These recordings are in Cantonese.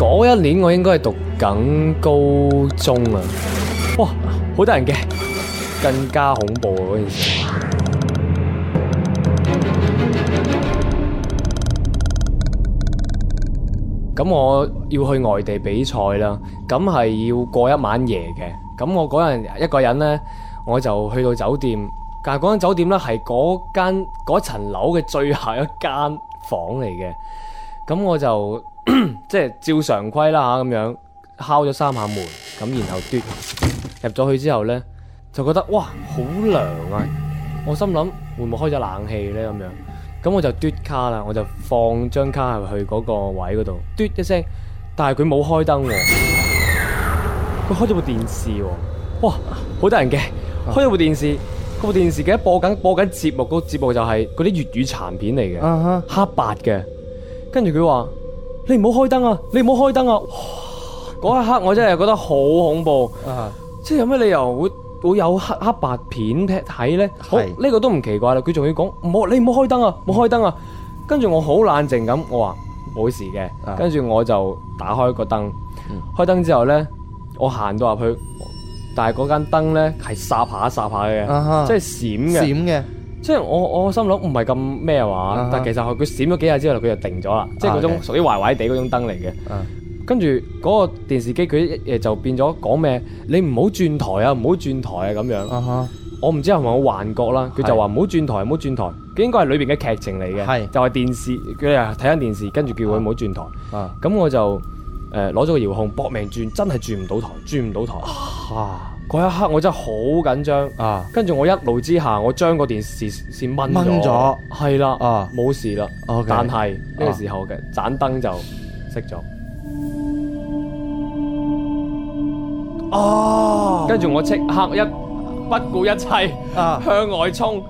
嗰一年我應該係讀緊高中啊！哇，好得人驚，更加恐怖啊！嗰件事。咁我要去外地比賽啦，咁係要過一晚夜嘅。咁我嗰日一個人呢，我就去到酒店，但係嗰間酒店呢係嗰間嗰層樓嘅最後一間房嚟嘅。咁我就 即係照常規啦吓，咁樣敲咗三下門，咁然後嘟入咗去之後咧，就覺得哇好涼啊！我心諗會唔會開咗冷氣咧？咁樣，咁我就嘟卡啦，我就放張卡入去嗰個位嗰度，嘟一聲，但係佢冇開燈喎，佢開咗部電視喎，啊，哇好得人驚，開咗部電視，uh huh. 部電視嘅播緊播緊節目，嗰、那、節、個、目就係嗰啲粵語殘片嚟嘅，uh huh. 黑白嘅。跟住佢話：你唔好開燈啊！你唔好開燈啊！嗰一刻我真係覺得好恐怖，啊、即係有咩理由會會有黑黑白片睇咧？好是、呢個都唔奇怪啦。佢仲要講：唔好，你唔好開燈啊！唔好開燈啊！跟住我好冷靜咁，我話冇事嘅。跟住我就打開個燈，開燈之後咧，我行到入去，但係嗰間燈咧係霎下霎下嘅，啊、哈即係閃嘅。閃即係我我心諗唔係咁咩話？但其實佢閃咗幾下之後，佢就定咗啦。即係嗰種屬於壞壞地嗰種燈嚟嘅。Uh huh. 跟住嗰個電視機佢就變咗講咩？你唔好轉台啊，唔好轉台啊咁樣。Uh huh. 我唔知係咪我幻覺啦，佢就話唔好轉台，唔好轉台。佢應該係裏邊嘅劇情嚟嘅，uh huh. 就係電視佢啊睇緊電視，跟住叫佢唔好轉台。咁、uh huh. 我就誒攞咗個遙控搏命轉，真係轉唔到台，轉唔到台。Uh huh. 嗰一刻我真係好緊張，跟住我一怒之下，我將個電視線掹咗，係啦，冇事啦。但係呢個時候嘅盞燈就熄咗，哦！跟住我即刻一不顧一切向外衝，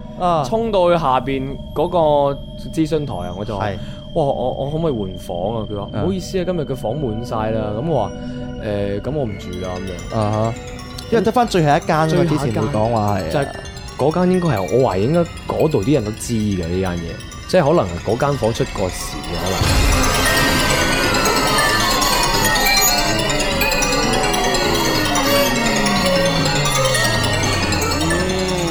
衝到去下邊嗰個諮詢台啊！我就話，哇，我我可唔可以換房啊？佢話：唔好意思啊，今日嘅房滿晒啦。咁我話，誒，咁我唔住啦咁樣。嗯、因為得翻最後一間，一間之前冇講話係，是的 就係、係、嗰間應該係我懷疑應該嗰度啲人都知嘅呢間嘢，即係可能嗰間房出過事可能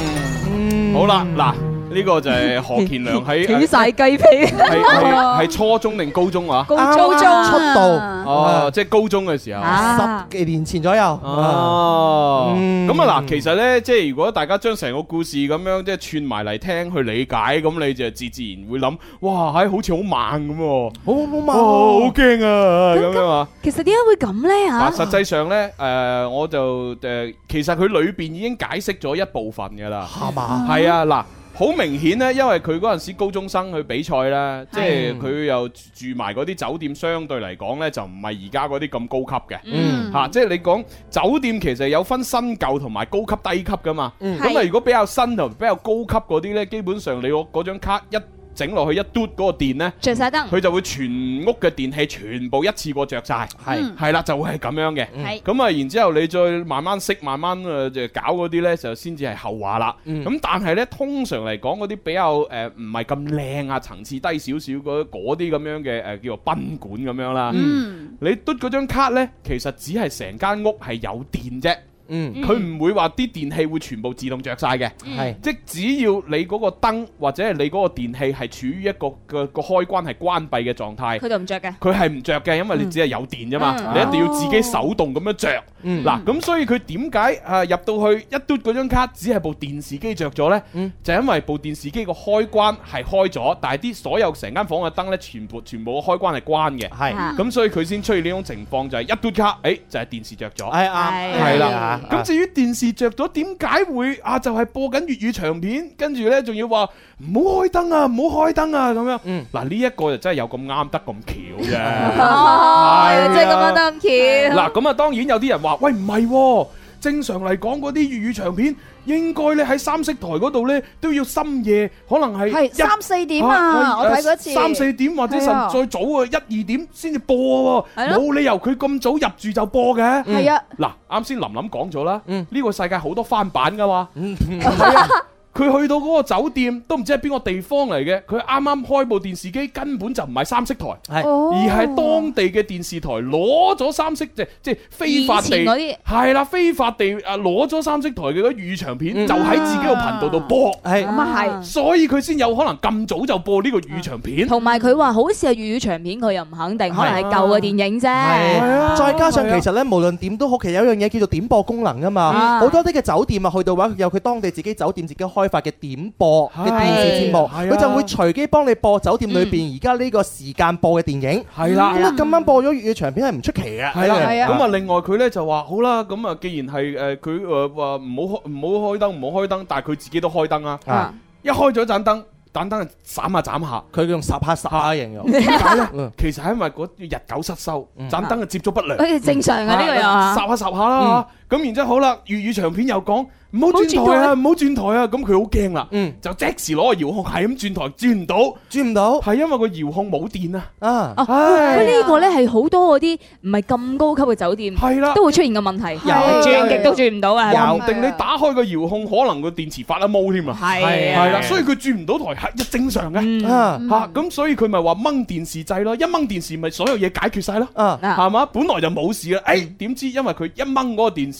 啊！嗯、好啦，嗱。呢個就係何乾樑喺起晒雞皮，係初中定高中啊？高中出道，哦，即係高中嘅時候，十幾年前左右。咁啊嗱，其實咧，即係如果大家將成個故事咁樣即係串埋嚟聽去理解，咁你就自自然會諗，哇，係好似好猛咁，好好猛，好驚啊咁樣啊！其實點解會咁咧嚇？實際上咧，誒我就誒，其實佢裏邊已經解釋咗一部分嘅啦，係嘛？係啊，嗱。好明顯呢，因為佢嗰陣時高中生去比賽啦，即係佢又住埋嗰啲酒店，相對嚟講呢，就唔係而家嗰啲咁高級嘅，嚇、嗯啊。即係你講酒店其實有分新舊同埋高級低級噶嘛，咁啊、嗯、如果比較新同比較高級嗰啲呢，基本上你攞嗰張卡一整落去一嘟嗰個電呢，着晒燈，佢就會全屋嘅電器全部一次過着晒，係係啦，就會係咁樣嘅。咁啊是，然之後你再慢慢識，慢慢誒，就、呃、搞嗰啲呢，就先至係後話啦。咁、嗯嗯、但係呢，通常嚟講，嗰啲比較誒唔係咁靚啊，層次低少少嗰啲咁樣嘅誒、呃，叫做賓館咁樣啦。嗯、你嘟嗰張卡呢，其實只係成間屋係有電啫。嗯，佢唔會話啲電器會全部自動着晒嘅，係即只要你嗰個燈或者係你嗰個電器係處於一個個個開關係關閉嘅狀態，佢就唔着嘅。佢係唔着嘅，因為你只係有電啫嘛，你一定要自己手動咁樣着。嗱，咁所以佢點解啊，入到去一嘟嗰張卡，只係部電視機着咗呢？就因為部電視機個開關係開咗，但係啲所有成間房嘅燈呢，全部全部開關係關嘅，係咁所以佢先出現呢種情況，就係一嘟卡，誒就係電視着咗，係啊，係啦。咁、嗯、至於電視着咗點解會啊？就係、是、播緊粵語長片，跟住呢仲要話唔好開燈啊，唔好開燈啊咁樣。嗱呢一個就真係有咁啱得咁巧啫，真係咁啱得咁巧。嗱咁啊，當然有啲人話：喂，唔係喎。正常嚟講，嗰啲粵語長片應該咧喺三色台嗰度咧都要深夜，可能係三四點啊！我睇過一次三四點或者甚至再早啊一二點先至播喎，冇理由佢咁早入住就播嘅。係啊！嗱，啱先琳琳講咗啦，呢個世界好多翻版㗎嘛。佢去到嗰個酒店都唔知係邊個地方嚟嘅，佢啱啱開部電視機根本就唔係三色台，係是，而係當地嘅電視台攞咗三色即係即係非法地，係啦，非法地啊攞咗三色台嘅嗰粵語長片，嗯、就喺自己個頻道度播，係咁啊係，所以佢先有可能咁早就播呢個粵語長片，同埋佢話好似係粵語長片，佢又唔肯定，可能係舊嘅電影啫，係、啊、再加上其實咧，無論點都好，其實有一樣嘢叫做點播功能啊嘛，好、嗯嗯、多啲嘅酒店啊，去到話有佢當地自己酒店自己開。法嘅點播嘅電視節目，佢就會隨機幫你播酒店裏邊而家呢個時間播嘅電影。係啦，咁啊，咁啱播咗粵語長片係唔出奇嘅。係啦，咁啊，另外佢呢就話好啦，咁啊，既然係誒，佢誒話唔好開，唔好開燈，唔好開燈，但係佢自己都開燈啊。一開咗盞燈，盞燈閃下閃下，佢用霎下霎下形容。其實係因為日久失修，盞燈嘅接觸不良。正常啊，呢個有霎下霎下啦。咁然之後好啦，粵語長片又講唔好轉台啊，唔好轉台啊，咁佢好驚啦，嗯，就即時攞個遙控係咁轉台，轉唔到，轉唔到，係因為個遙控冇電啊，啊，呢個咧係好多嗰啲唔係咁高級嘅酒店，係啦，都會出現嘅問題，有轉極都轉唔到啊。有，定你打開個遙控，可能個電池發得毛添啊，係啊，係啦，所以佢轉唔到台係正常嘅，啊，咁所以佢咪話掹電視掣咯，一掹電視咪所有嘢解決晒咯，嗯，係嘛，本來就冇事嘅，誒，點知因為佢一掹嗰個電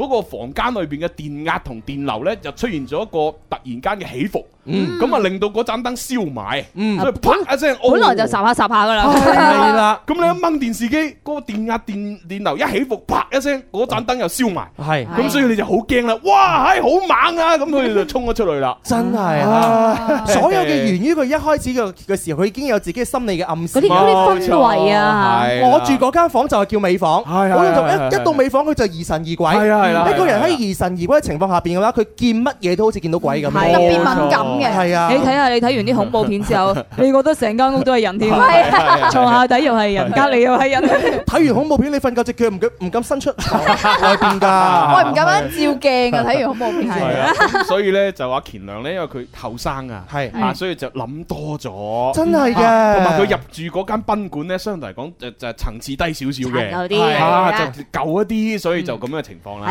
嗰個房間裏邊嘅電壓同電流咧，就出現咗一個突然間嘅起伏，咁啊令到嗰盞燈燒埋，所以啪一聲。本來就霎下霎下噶啦，咁你一掹電視機，嗰個電壓電電流一起伏，啪一聲，嗰盞燈又燒埋，係咁，所以你就好驚啦！哇，唉，好猛啊！咁佢哋就衝咗出嚟啦，真係啊，所有嘅源於佢一開始嘅嘅時候，佢已經有自己心理嘅暗示。嗰啲嗰啲氛圍啊，我住嗰間房就係叫尾房，我一到尾房佢就疑神疑鬼。一個人喺疑神疑鬼嘅情況下邊嘅話，佢見乜嘢都好似見到鬼咁，特別敏感嘅。係啊，你睇下你睇完啲恐怖片之後，你覺得成間屋都係人添，牀下底又係人，隔離又係人。睇完恐怖片，你瞓覺隻腳唔敢唔敢伸出，我我唔敢啱照鏡嘅睇完恐怖片。係所以咧就話乾樑咧，因為佢後生啊，係所以就諗多咗。真係嘅，同埋佢入住嗰間賓館咧，相對嚟講就就層次低少少嘅，舊啲啊，就舊一啲，所以就咁樣嘅情況啦。